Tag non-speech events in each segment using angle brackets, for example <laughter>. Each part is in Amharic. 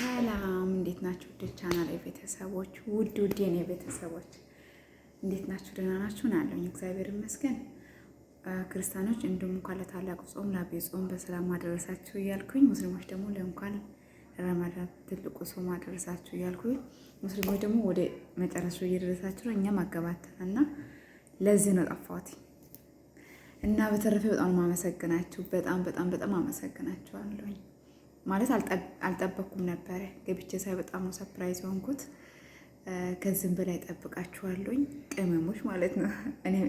ሰላም እንዴት ናችሁ? ውድ ቻናል የቤተሰቦች ውድ ውድ የኔ ቤተሰቦች እንዴት ናችሁ? ደህና ናችሁ? ናለኝ እግዚአብሔር ይመስገን። ክርስቲያኖች እንዲሁም እንኳን ለታላቁ ጾም ለዐቢይ ጾም በሰላም ማደረሳችሁ እያልኩኝ፣ ሙስሊሞች ደግሞ ለእንኳን ረመዳን ትልቁ ጾም ማደረሳችሁ እያልኩኝ፣ ሙስሊሞች ደግሞ ወደ መጨረሻው እየደረሳችሁ ነው። እኛም አገባተን እና ለዚህ ነው ጠፋሁት እና በተረፈ በጣም ማመሰግናችሁ በጣም በጣም በጣም አመሰግናችኋለሁኝ። ማለት አልጠበኩም ነበረ። ገብቼ ሳይ በጣም ነው ሰፕራይዝ ሆንኩት። ከዚህም በላይ ጠብቃችኋለኝ ቅመሞች ማለት ነው።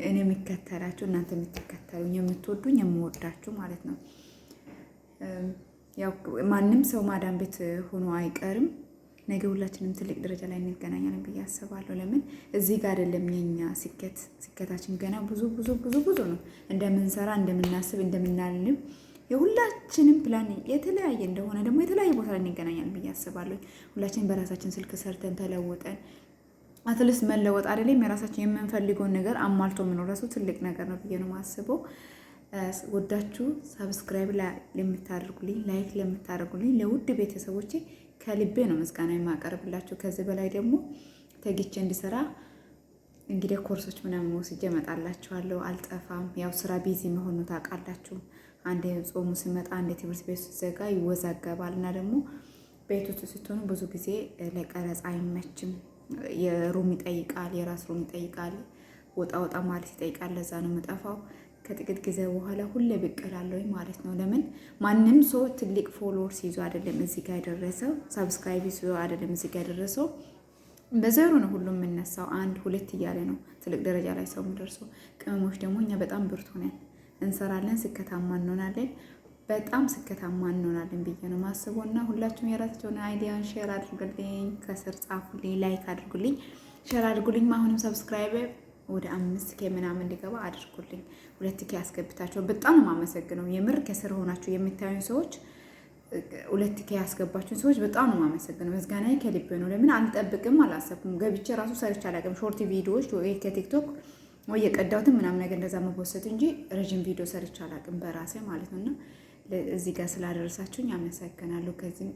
እኔ የሚከተላችሁ እናንተ የምትከተሉኝ የምትወዱኝ የምወዳችሁ ማለት ነው። ያው ማንም ሰው ማዳም ቤት ሆኖ አይቀርም። ነገ ሁላችንም ትልቅ ደረጃ ላይ እንገናኛለን ብዬ አስባለሁ። ለምን እዚህ ጋር አይደለም የኛ ስኬት። ስኬታችን ገና ብዙ ብዙ ብዙ ብዙ ነው። እንደምንሰራ እንደምናስብ እንደምናልንብ የሁላችንም ፕላን የተለያየ እንደሆነ ደግሞ የተለያየ ቦታ ላይ እንገናኛለን ብዬ አስባለሁ። ሁላችንም በራሳችን ስልክ ሰርተን ተለውጠን አትልስ መለወጥ አይደለም የራሳችን የምንፈልገውን ነገር አሟልቶ መኖር ራሱ ትልቅ ነገር ነው ብዬ ነው የማስበው። ወዳችሁ ሳብስክራይብ ለምታደርጉልኝ፣ ላይክ ለምታደርጉልኝ ለውድ ቤተሰቦቼ ከልቤ ነው ምስጋና የማቀርብላችሁ። ከዚህ በላይ ደግሞ ተግቼ እንዲሰራ እንግዲህ ኮርሶች ምናምን ወስጄ እመጣላችኋለሁ። አልጠፋም። ያው ስራ ቢዚ መሆኑ ታውቃላችሁ። አንዴ ጾሙ ሲመጣ አንድ ትምህርት ቤት ስትዘጋ ይወዛገባል እና ደግሞ ቤት ውስጥ ስትሆኑ ብዙ ጊዜ ለቀረጻ አይመችም። የሩም ይጠይቃል፣ የራስ ሩም ይጠይቃል፣ ወጣ ወጣ ማለት ይጠይቃል። ለዛ ነው የምጠፋው። ከጥቂት ጊዜ በኋላ ሁሌ ብቅ እላለሁኝ ማለት ነው። ለምን ማንም ሰው ትልቅ ፎሎወርስ ይዞ አይደለም እዚህ ጋር የደረሰው፣ ሳብስክራይብ ይዞ አይደለም እዚህ ጋር የደረሰው። በዘሩ ነው ሁሉም የምነሳው፣ አንድ ሁለት እያለ ነው ትልቅ ደረጃ ላይ ሰው የምደርሰው። ቅመሞች ደግሞ እኛ በጣም ብርቱ ነን። እንሰራለን፣ ስኬታማ እንሆናለን። በጣም ስኬታማ እንሆናለን ብዬ ነው ማስበው እና ሁላችሁም የራሳቸውን አይዲያን ሼር አድርጉልኝ፣ ከስር ጻፉልኝ፣ ላይክ አድርጉልኝ፣ ሼር አድርጉልኝ። አሁንም ሰብስክራይብ ወደ አምስት ኬ ምናምን ሊገባ አድርጉልኝ። ሁለት ኬ ያስገብታቸው። በጣም ነው የማመሰግነው። የምር ከስር ሆናችሁ የምታዩኝ ሰዎች ሁለት ኬ ያስገባችሁን ሰዎች በጣም ነው የማመሰግነው። ምስጋናዬ ከልቤ ነው። ለምን አልጠብቅም፣ አላሰብኩም። ገብቼ ራሱ ሰርች አላውቅም። ሾርት ቪዲዮዎች ከቲክቶክ ወይ የቀዳሁትን ምናምን ነገር እንደዛ መወሰድ እንጂ ረዥም ቪዲዮ ሰርቼ አላውቅም በራሴ ማለት ነውና እዚህ ጋር ስላደረሳችሁኝ አመሰግናለሁ። ከዚህም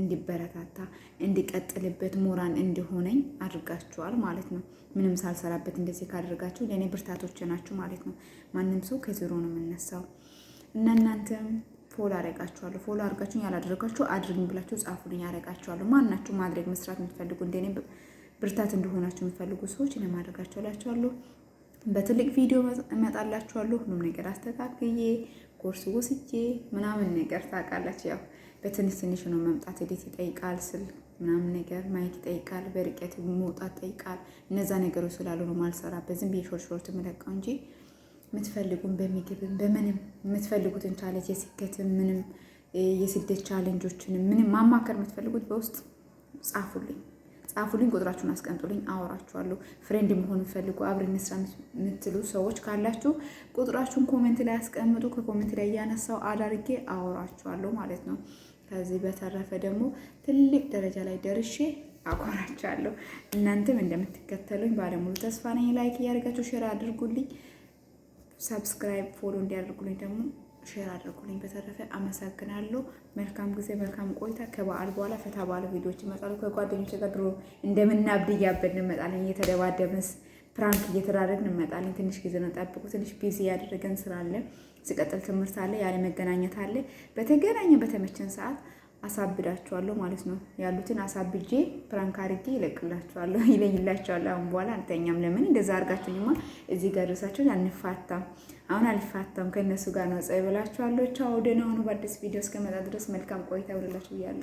እንዲበረታታ እንዲቀጥልበት ሞራን እንዲሆነኝ አድርጋችኋል ማለት ነው። ምንም ሳልሰራበት እንደዚህ ካደረጋችሁ ለእኔ ብርታቶች ናችሁ ማለት ነው። ማንም ሰው ከዜሮ ነው የምነሳው እና እናንተም ፎሎ አረጋችኋለሁ። ፎሎ አድርጋችሁኝ ያላደረጋችሁ አድርግኝ ብላችሁ ጻፉልኝ፣ አረጋችኋለሁ። ማናችሁ ማድረግ መስራት የምትፈልጉ እንደኔ ብርታት እንደሆናችሁ የሚፈልጉ ሰዎች ለማድረጋቸው እላችኋለሁ። በትልቅ ቪዲዮ እመጣላችኋለሁ። ሁሉም ነገር አስተካክዬ ኮርስ ወስጄ ምናምን ነገር ታውቃላችሁ። ያው በትንሽ ትንሽ ነው መምጣት፣ ዴት ይጠይቃል፣ ስል ምናምን ነገር ማየት ይጠይቃል፣ በርቀት መውጣት ይጠይቃል። እነዛ ነገሮች ስላሉ ነው ማልሰራበት፣ ዝም ብዬ ሾርት ሾርት የምለቀው እንጂ የምትፈልጉን በምግብም በምንም የምትፈልጉትን ቻለንጅ የስኬትም ምንም የስደት ቻለንጆችንም ምንም ማማከር የምትፈልጉት በውስጥ ጻፉልኝ። ጻፉልኝ፣ ቁጥራችሁን አስቀምጡልኝ፣ አወራችኋለሁ። ፍሬንድ መሆን ፈልጉ አብረን እንስራ የምትሉ ሰዎች ካላችሁ ቁጥራችሁን ኮሜንት ላይ አስቀምጡ። ከኮሜንት ላይ እያነሳው አዳርጌ አወራችኋለሁ ማለት ነው። ከዚህ በተረፈ ደግሞ ትልቅ ደረጃ ላይ ደርሼ አቆራቻለሁ። እናንተም እንደምትከተሉኝ ባለሙሉ ተስፋ ነኝ። ላይክ እያደርጋችሁ ሼር አድርጉልኝ። ሰብስክራይብ ፎሎ እንዲያደርጉልኝ ደግሞ ሼር አድርጉልኝ። በተረፈ አመሰግናለሁ። መልካም ጊዜ፣ መልካም ቆይታ። ከበዓል በኋላ ፈታ ባለ ቪዲዮዎች ይመጣሉ። ከጓደኞች ጋር ድሮ እንደምናብድ እያበድን እንመጣለን። እየተደባደብን ፕራንክ እየተዳረግን እንመጣለን። ትንሽ ጊዜ ነው ጠብቁ። ትንሽ ቢዚ ያደረገን ስራ ሲቀጥል ትምህርት አለ፣ ያለ መገናኘት አለ። በተገናኘ በተመቸን ሰዓት አሳብዳቸዋለሁ ማለት ነው። ያሉትን አሳብጄ ፕራንክ አድርጌ ይለቅላቸዋለሁ፣ <laughs> ይለይላቸዋለሁ። አሁን በኋላ አንተኛም። ለምን እንደዛ አድርጋችሁኝማ እዚህ ጋር ደርሳችሁኝ፣ አንፋታም። አሁን አልፋታም ከእነሱ ጋር ነው ጸ ብላችኋለሁ። ቻው፣ ደህና ሁኑ። በአዲስ ቪዲዮ እስከመጣ ድረስ መልካም ቆይታ ይውላችሁ እያለሁ